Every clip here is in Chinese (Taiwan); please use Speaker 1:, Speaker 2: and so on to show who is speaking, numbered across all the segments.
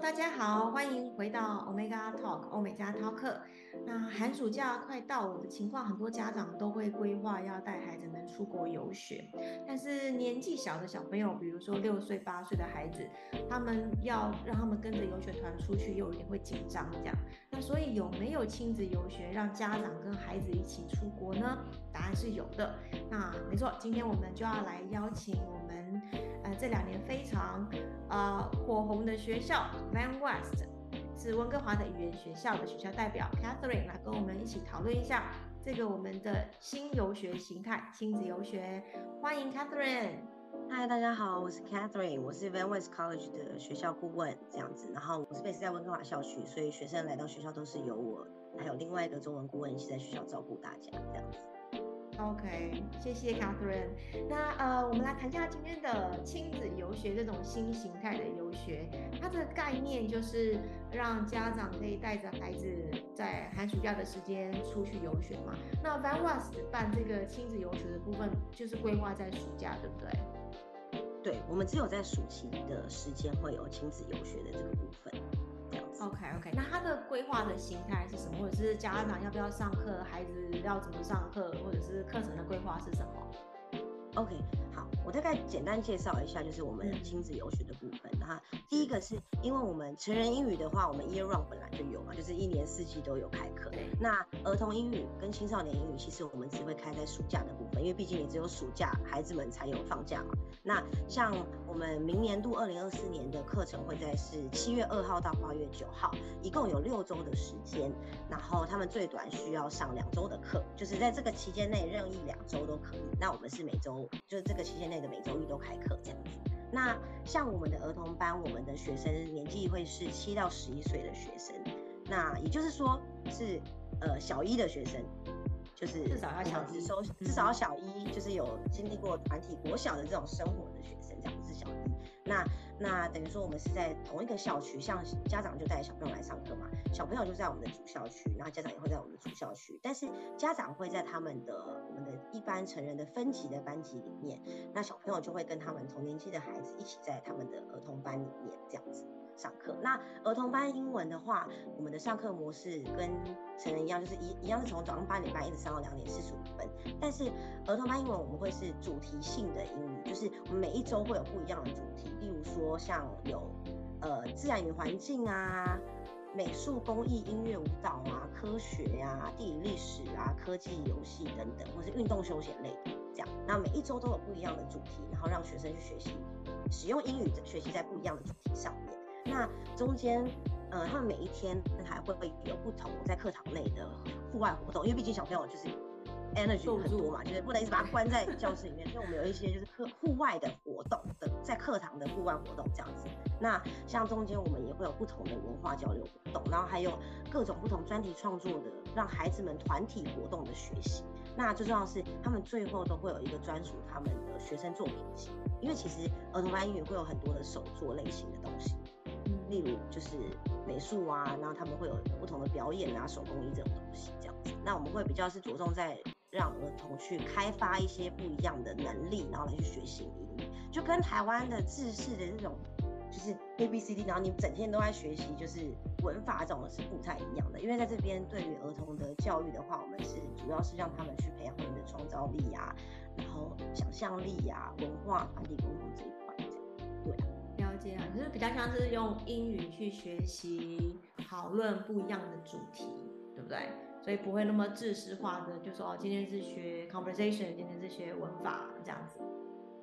Speaker 1: 大家好，歡迎回到 Omega Talk, Omega Talk 歐美加 Talk。那寒暑假快到了的情況很多家長都會規劃要帶孩子們出國遊學，但是年紀小的小朋友，比如說六歲、八歲的孩子，他們要讓他們跟着遊學團出去，又有點會緊張這樣。那所以有沒有親子遊學，讓家長跟孩子一起出國呢？答案是有的。那沒錯，今天我們就要來邀請我們呃這兩年非常啊、呃、火紅的學校。Van West 是溫哥華的語言學校的學校代表 Catherine 來跟我們一起討論一下這個我們的新
Speaker 2: 遊學形態親子遊學，歡迎 Catherine。嗨，大家好，我是 Catherine，我是 Van West College 的學校顧問，這樣子。然後我是 based 在溫哥華校區，所以學生來到學校都是由我還有另外一個中文顧問一起在學校照顧大家，這樣子。
Speaker 1: OK，謝謝 Catherine。那呃，我們來談一下今天的親子遊學這種新形態的遊學。它的概念就是讓家長可以帶着孩子在寒暑假的時間出去遊學嘛。那 VanWest 辦這個親子遊學的部分，就是規劃在暑假，對不對？
Speaker 2: 對，我們只有在暑期的時間會有親子遊學的這個部分。
Speaker 1: OK OK，那他的規劃的形態是什麼？或者是家長要不要上課？孩子要怎麼上課？或者是
Speaker 2: 課程的規劃是什麼？OK。我大概簡單介紹一下，就是我們親子遊學的部分。哈，第一個是因為我們成人英語的話，我們 Year Round 本來就有嘛，就是一年四季都有開課。那兒童英語跟青少年英語，其實我們只會開在暑假的部分，因為畢竟也只有暑假孩子們才有放假嘛。那像我們明年度二零二四年的課程會在是七月二號到八月九號，一共有六週的時間。然後他們最短需要上兩週的課，就是在這個期間內任意兩週都可以。那我們是每週就是這個期間內。每週一都開課這樣子，那像我們的兒童班，我們的學生年紀會是七到十一歲的學生，那也就是說是呃小一的學生。就是至少要小，強制收、嗯、至少小一，就是有經歷過團體國小的這種生活的學生，這樣子小一。那那等於說我們是在同一個校區，像家長就帶着小朋友來上課嘛，小朋友就在我們的主校區，然後家長也會在我們的主校區，但是家長會在他們的我們的一般成人的分級的班級裡面，那小朋友就會跟他們同年級的孩子一起在他們的兒童班裡面這樣子。上課。那兒童班英文的話，我們的上課模式跟成人一樣，就是一一樣是從早上八點半一直上到兩點四十五分。但是兒童班英文我們會是主題性的英語，就是我們每一周會有不一樣的主題，例如說像有呃自然與環境啊、美術工藝、音樂舞蹈啊、科學呀、啊、地理歷史啊、科技遊戲等等，或是運動休閒類這樣。那每一周都有不一樣的主題，然後讓學生去學習使用英語，學習在不一樣的主題上面。那中間，呃，他們每一天還會有不同在課堂內的戶外活動，因為畢竟小朋友就是 energy 很多嘛，住就是不能一直把它關在教室裡面， 所以我們有一些就是課戶外的活動的，在課堂的戶外活動這樣子。那像中間我們也會有不同的文化交流活動，然後還有各種不同專題創作的，讓孩子們團體活動的學習。那最重要是他們最後都會有一個專屬他們的學生作品集，因為其實兒童班英語會有很多的手作類型的東西。例如就是美術啊，然後他們會有不同的表演啊、手工藝這種東西這樣子。那我們會比較是着重在讓兒童去開發一些不一樣的能力，然後來去學習。就跟台灣的制式的這種，就是 A B C D，然後你整天都在學習，就是文法這種是不太一樣的。因為在這邊對於兒童的教育的話，我們是主要是讓他們去培養人們的創造力啊，然後想象力啊，文化、啊、當地文化這一。
Speaker 1: 了解啊，就是比較像是用英語去學習討論不一樣的主題，對不對？所以不會那麼知識化的就是，就說哦，今天是學
Speaker 2: conversation，今天是學文法這樣子。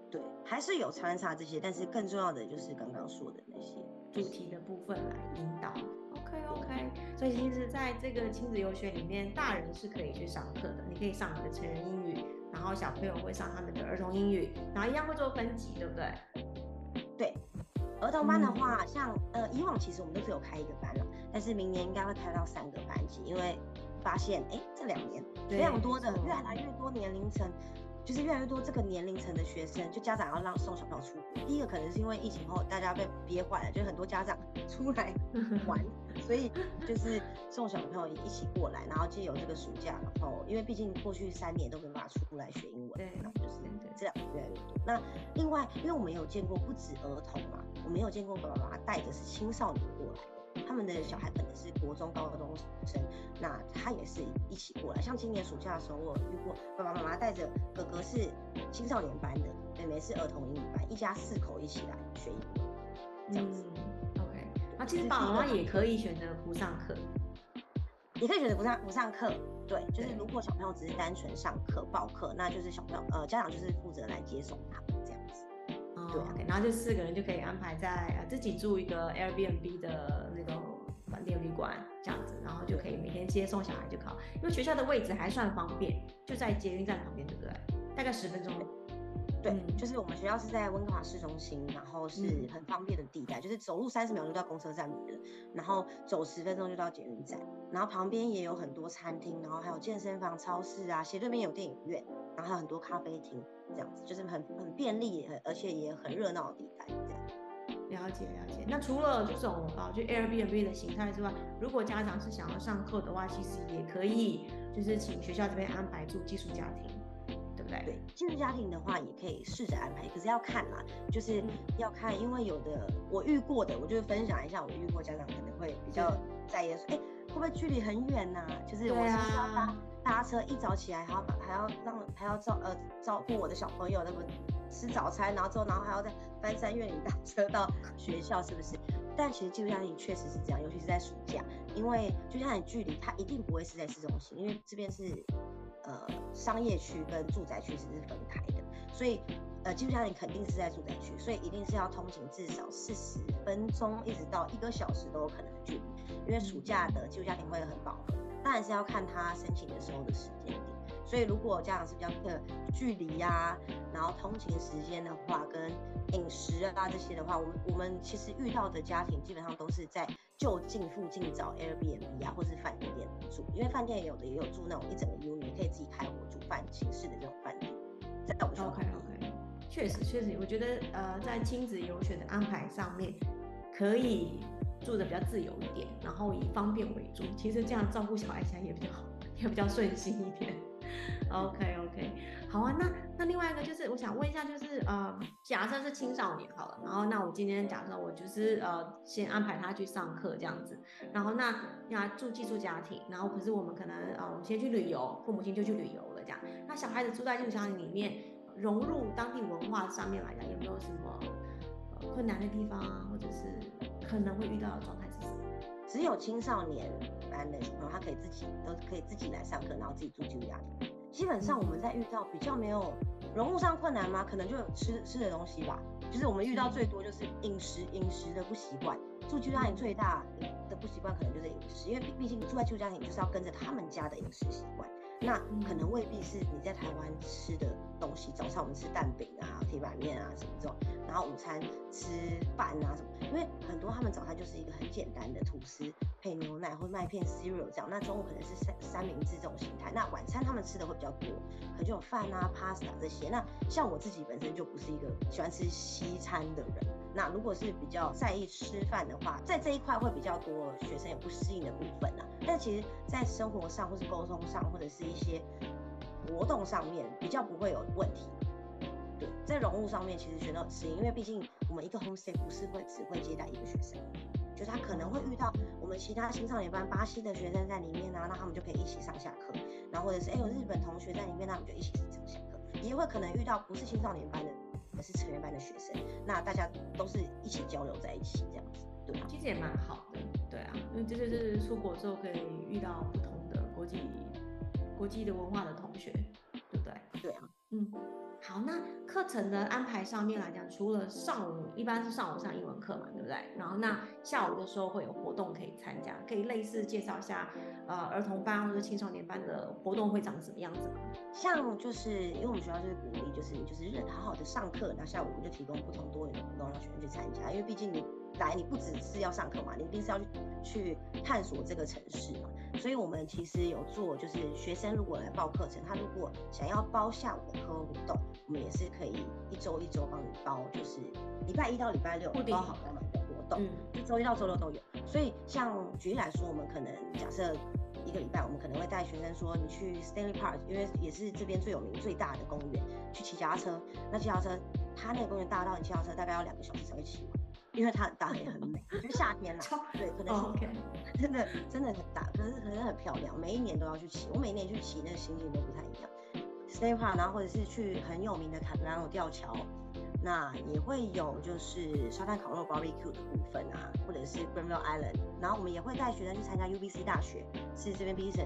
Speaker 2: 對，還是有摻雜這些，但是更重要的就是剛剛說的那些主題、就是、的部分來引導。
Speaker 1: OK OK，所以其實在這個親子遊學裡面，大人是可以去上課的，你可以上你的成人英語，然後小朋友會上他們的兒童英語，然後一樣會做分級，對不對？
Speaker 2: 對。兒童班的話，嗯、像呃以往其實我們都只有開一個班了，但是明年應該會開到三個班級，因為發現哎、欸、這兩年非常多的對越來越多年齡層。嗯越就是越來越多這個年齡層的學生，就家長要讓送小朋友出國。第一個可能是因為疫情後大家被憋壞了，就是，很多家長出來玩， 所以就是送小朋友一起過來。然後藉由這個暑假然後，因為畢竟過去三年都沒辦法出來學英文，對，然後就是這兩年越來越多。對對對，那另外，因為我們有見過不止兒童嘛，我沒有見過爸爸媽媽帶的是青少年過來。他們的小孩可能是國中、高中生，那他也是一起過來。像今年暑假的時候，我有遇過爸爸媽媽帶着哥哥是青少年班的，妹妹是兒童英語班，一家四口一起來學英語，嗯、這樣
Speaker 1: 子。
Speaker 2: 嗯、OK，那對、啊、其實爸爸媽媽也可以選擇不上課，也可以選擇不上不上課。對，就是如果小朋友只是單純上課報課，那就是小朋友呃家長就是負責來接送他 Okay, 然後這四個
Speaker 1: 人就可以安排在啊自己住一個 Airbnb 的那種飯店旅館這樣子，然後就可以每天接送小孩就考，因為學校的位置還算方便，就在捷運站
Speaker 2: 旁邊，對不對？大概十分鐘。對，就是我們學校是在溫哥華市中心，然後是很方便的地帶，就是走路三十秒就到公車站了，然後走十分鐘就到捷運站，然後旁邊也有很多餐廳，然後還有健身房、超市啊，斜對面有電影院，然後還有很多咖啡廳，這樣子就是很很便利也很，而且也很熱鬧的地帶。這樣，了解了解。那除了這種就，就 Airbnb 的形態之外，如果家
Speaker 1: 長是想要上課的話，其實也可以，就是請學校這邊安排住寄宿家庭。
Speaker 2: 對，寄宿家庭的話，也可以試着安排，可是要看啦，就是要看，因為有的我遇過的，我就分享一下，我遇過家長可能會比較在意說，哎、欸，會不會距離很遠吶、啊？就是我是不是要搭，啊，搭車一早起來，還要還要讓還要照呃照顧我的小朋友，那麼吃早餐，然後之後，然後還要再翻山越嶺搭車到學校，是不是？但其實寄宿家庭確實是這樣，尤其是在暑假，因為就像你距離，它一定不會是在市中心，因為這邊是。呃，商業區跟住宅區其實是分開的，所以，呃，寄宿家庭肯定是在住宅區，所以一定是要通勤至少四十分鐘，一直到一個小時都有可能距離，因為暑假的寄宿家庭會很飽和，當然是要看他申請的時候的時間點。所以，如果家長是比較的距離呀，啊，然後通勤時間的話，跟飲食啊這些的話，我們我們其實遇到的家庭基本上都是在就近附近找 Airbnb 啊，或者是飯店住。因為飯店也有的也有住那種一整個屋，你也可以自己開火煮飯形式的這種飯店。OK OK，確
Speaker 1: 實確實，我覺得呃，在親子遊學的安排上面，可以住得比較自由一點，然後以方便為主。其實這樣照顧小孩起來也比較好，也比較順心一點。OK OK，好啊，那那另外一個就是，我想問一下，就是呃，假設是青少年好了，然後那我今天假設我就是呃，先安排他去上課這樣子，然後那要住寄宿家庭，然後可是我們可能啊、呃，我們先去旅遊，父母親就去旅遊了這樣，那小孩子住在寄宿家庭裡面，融入當地文化上面來講，有沒有什麼困難的地方啊，或者是可能會遇到的
Speaker 2: 狀態是什麼？只有青少年班的，然、嗯、後他可以自己都可以自己來上課，然後自己住寄宿家庭。基本上我們在遇到比較沒有融入上困難嘛？可能就有吃吃的東西吧。就是我們遇到最多就是飲食飲食的不習慣。住寄宿家庭最大的不習慣可能就是飲食，因為畢竟住在寄宿家庭就是要跟着他們家的飲食習慣。那可能未必是你在台灣吃的東西。早上我們吃蛋餅啊、鐵板麵啊什麼這種，然後午餐吃飯啊什麼。因為很多他們早餐就是一個很簡單的吐司配牛奶或麥片 cereal 這樣。那中午可能是三三明治這種形態。那晚餐他們吃的會比較多，可能就有飯啊、pasta 這些。那像我自己本身就不是一個喜歡吃西餐的人。那如果是比較在意吃飯的話，在這一塊會比較多學生有不適應的部分啊。但其實在生活上或是溝通上，或者是一些活動上面比較不會有問題，對，在融入上面其實學到很適應，因為畢竟我們一個 homestay 不是會只會接待一個學生，就他可能會遇到我們其他青少年班巴西的學生在裡面呢、啊，那他們就可以一起上下課，然後或者是哎有、欸、日本同學在裡面，那我們就一起上下課，也會可能遇到不是青少年班的，而是成人班的學生，那大家都是一起交流在一起這樣子，子對、啊，其實也蠻好的，對啊，因為這就是出國
Speaker 1: 之後可以遇到不同的國際。國際的文化的同學，對不對？對啊。嗯，好，那課程的安排上面來講，除了上午一般是上午上英文課嘛，對不對？然後那下午的時候會有活動可以參加，可以類似介紹一下，呃，兒童班或者青少年班的活動會長什麼樣子嘛。像就是
Speaker 2: 因為我們學校就是鼓勵、就是，就是你就是好好的上課，那下午我們就提供不同多元的活動讓學生去參加，因為畢竟你來你不只是要上課嘛，你一定是要去去探索這個城市嘛，所以我們其實有做就是學生如果來報課程，他如果想要包下午的。活動，我們也是可以一周一周幫你包，就是禮拜一到禮拜六包好的活動，一周、嗯、周一到周六都有。所以像舉例來說，我們可能假設一個禮拜，我們可能會帶學生說你去 Stanley Park，因為也是這邊最有名最大的公園，去騎腳踏車。那騎腳踏車，它那個公園大到你騎腳踏車大概要兩個小時才會騎完，因為它很大也很美。就是夏天啦， 對，可能 Okay. 真的是真的真的很大，可是可是很漂亮，每一年都要去騎，我每一年去騎那心情都不太一樣。Stay 然後或者是去很有名的卡皮拉諾吊橋，那也會有就是沙灘烤肉 （barbecue） 的部分啊，或者是 Granville Island，然後我們也會帶學生去參加 UBC 大學，是這邊 BC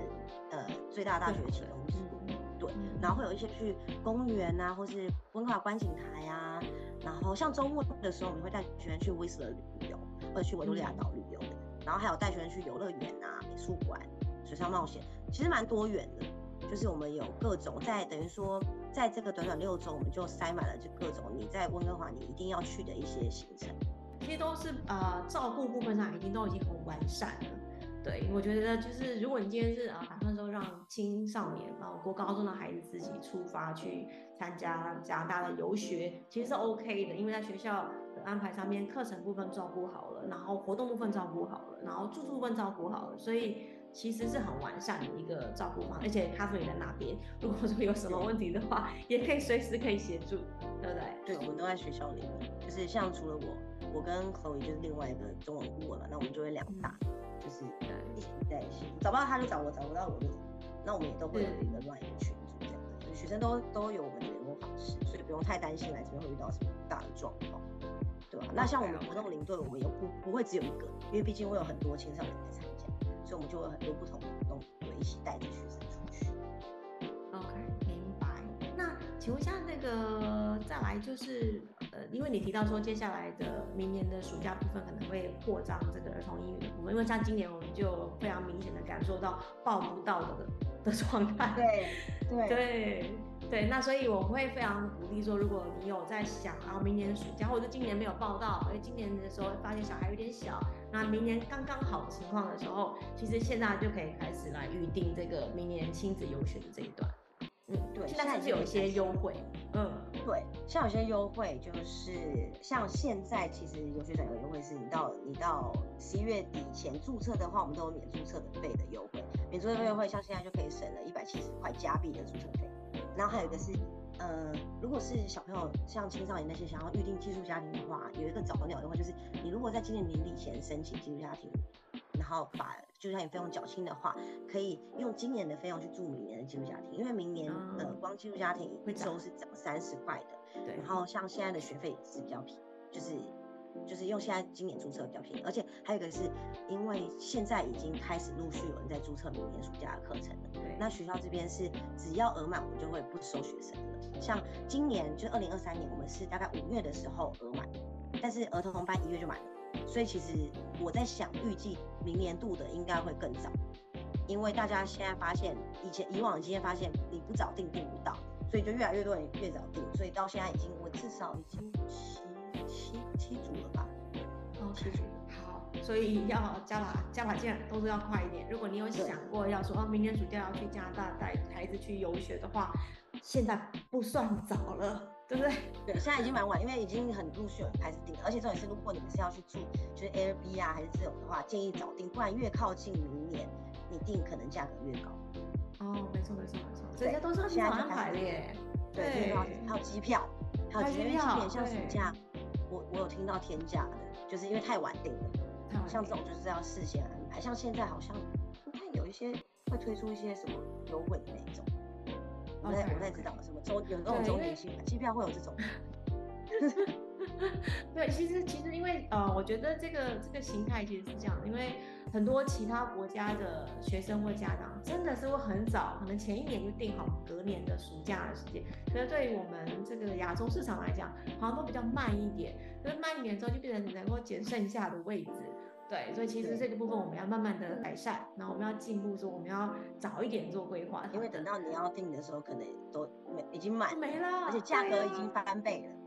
Speaker 2: 呃最大大學其中之一，對。然後會有一些去公園啊，或是溫哥華觀景台啊，然後像周末的時候，我們會帶學生去威斯勒旅遊，或者去維多利亞島旅遊，嗯、然後還有帶學生去遊樂園啊、美術館、水上冒險，其實蠻多元的。就是我們有各種在等於說，在這個短短六周，我們就塞滿了就各種你在溫哥華你一定要去的一些行程，
Speaker 1: 其實都是呃照顧部分上已經都已經很完善了。
Speaker 2: 對，我覺
Speaker 1: 得就是如果你今天是啊打算說讓青少年啊國高中的孩子自己出發去參加加拿大的遊學，其實是 OK 的，因為在學校的安排上面課程部分照顧好了，然後活動部分照顧好了，然後住宿部分照顧好了，所以。其實是很完善的一個照顧方案，而且咖啡也在那邊。如果說有什麼問題的
Speaker 2: 話，對也可以隨時可以協助，對不對？對，我們都在學校裡面，就是像除了我，我跟何怡就是另外一個中文顧問了，那我們就會兩大，嗯、就是一起在一起。找不到他，就找我，找不到我就，就那我們也都會有亂一個聯絡群組這樣。對學生都都有我們的聯絡方式，所以不用太擔心來這邊會遇到什麼大的狀況，對吧、啊？Okay. 那像我們活動領隊，我們也不不會只有一個，因為畢竟會有很多青少年在場。所以我們就有很多不同的活動，就一起帶着學生出去。OK，明白。
Speaker 1: 那請問一下，那個再來就是，呃，因為你提到說接下來的明年的暑假部分可能會擴張這個兒童英語的部分，因為像今年我們就非常明顯的感受到報不到的。的狀態，
Speaker 2: 對對
Speaker 1: 對對，那所以我會非常鼓勵說，如果你有在想，啊，明年暑假或者今年沒有報到，而今年的時候發現小孩有點小，那明年剛剛好的情況的時候，其實現在就可以開始來預定這個明年親子遊學的這一段。嗯，
Speaker 2: 對，現在是有一些優惠。開始。嗯，對，像有些優惠就是像現在其實遊學展有優惠是你到、嗯、你到你到。十一月底前註冊的話，我們都有免註冊的費的優惠，免註冊費會像現在就可以省了一百七十塊加幣的註冊費。然後還有一個是，嗯、呃，如果是小朋友，像青少年那些想要預定寄宿家庭的話，有一個早鳥的話，就是你如果在今年年底前申請寄宿家庭，然後把就像你費用繳清的話，可以用今年的費用去住明年的寄宿家庭，因為明年的、嗯呃、光寄宿家庭會收是漲三十塊的。對。然後像現在的學費是比較便就是就是用現在今年註冊比較便宜，而且還有一個是，因為現在已經開始陸續有人在註冊明年暑假的課程了。那學校這邊是只要額滿，我們就會不收學生了。像今年就是二零二三年，我們是大概五月的時候額滿，但是兒童同班一月就滿了，所以其實我在想，預計明年度的應該會更早，因為大家現在發現以前以往今天發現你不早定定不到，所以就越來越多人越早定。所以到現在已經我至少已經。
Speaker 1: 七組了吧？哦，Okay, 七組。好，所以要加把加把勁，動作要快一點。如果你有想過要說哦，明年暑假要去加拿大帶孩子去遊學的話，現在
Speaker 2: 不算早了，對不對？對，現在已經蠻晚，因為已經很陸續有孩子訂，而且重點是如果你們是要去住，就是 Airbnb 啊還是這種的話，建議早訂，不然越靠近明年，你訂可能價格越高。哦，沒錯沒錯沒錯。對，現在就開始對，耶。對，還有機票，還有機票，機票像暑假。我我有聽到天價的，就是因為太晚訂，了，Okay. 像這種就是這樣事先安排，還像現在好像有一些會推出一些什麼優惠的那種，我在 Okay. 我我也知道什麼周有那種對周年慶，機票會有這種。 對，其實其
Speaker 1: 實因為呃，我覺得這個這個形態其實是這樣，因為很多其他國家的學生或家長，真的是會很早，可能前一年就定好隔年的暑假的時間。可是對於我們這個亞洲市場來講，好像都比較慢一點，可是慢一點之後就變成能夠撿剩下的位置。對，所以其實這個部分我們要慢慢的改善，然後我們要進步，說我們要早一點做規劃，因為等到你要定的時候，可能都沒已經滿了就沒了。而且價格已經翻倍了。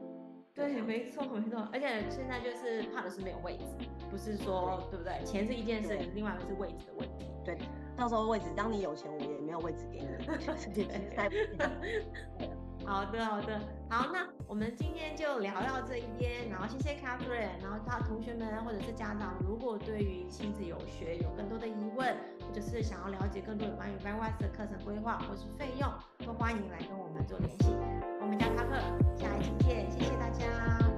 Speaker 1: 對，沒錯沒錯，而且現在就是怕的是沒有位置，不是說對，對不對？錢是一件事，對另外一個是位置的問題。對，
Speaker 2: 到時候位置，當你有錢，我們也沒有位置給你。
Speaker 1: 好的好的，好，那我們今天就聊到這一邊，然後謝謝 Catherine，然後他的同學們或者是家長，如果對於親子遊學有更多的疑問。或者是想要了解更多關於 Vanwest 的課程規劃或是費用，都歡迎來跟我們做聯繫。我們家插克，下一期見，謝謝大家。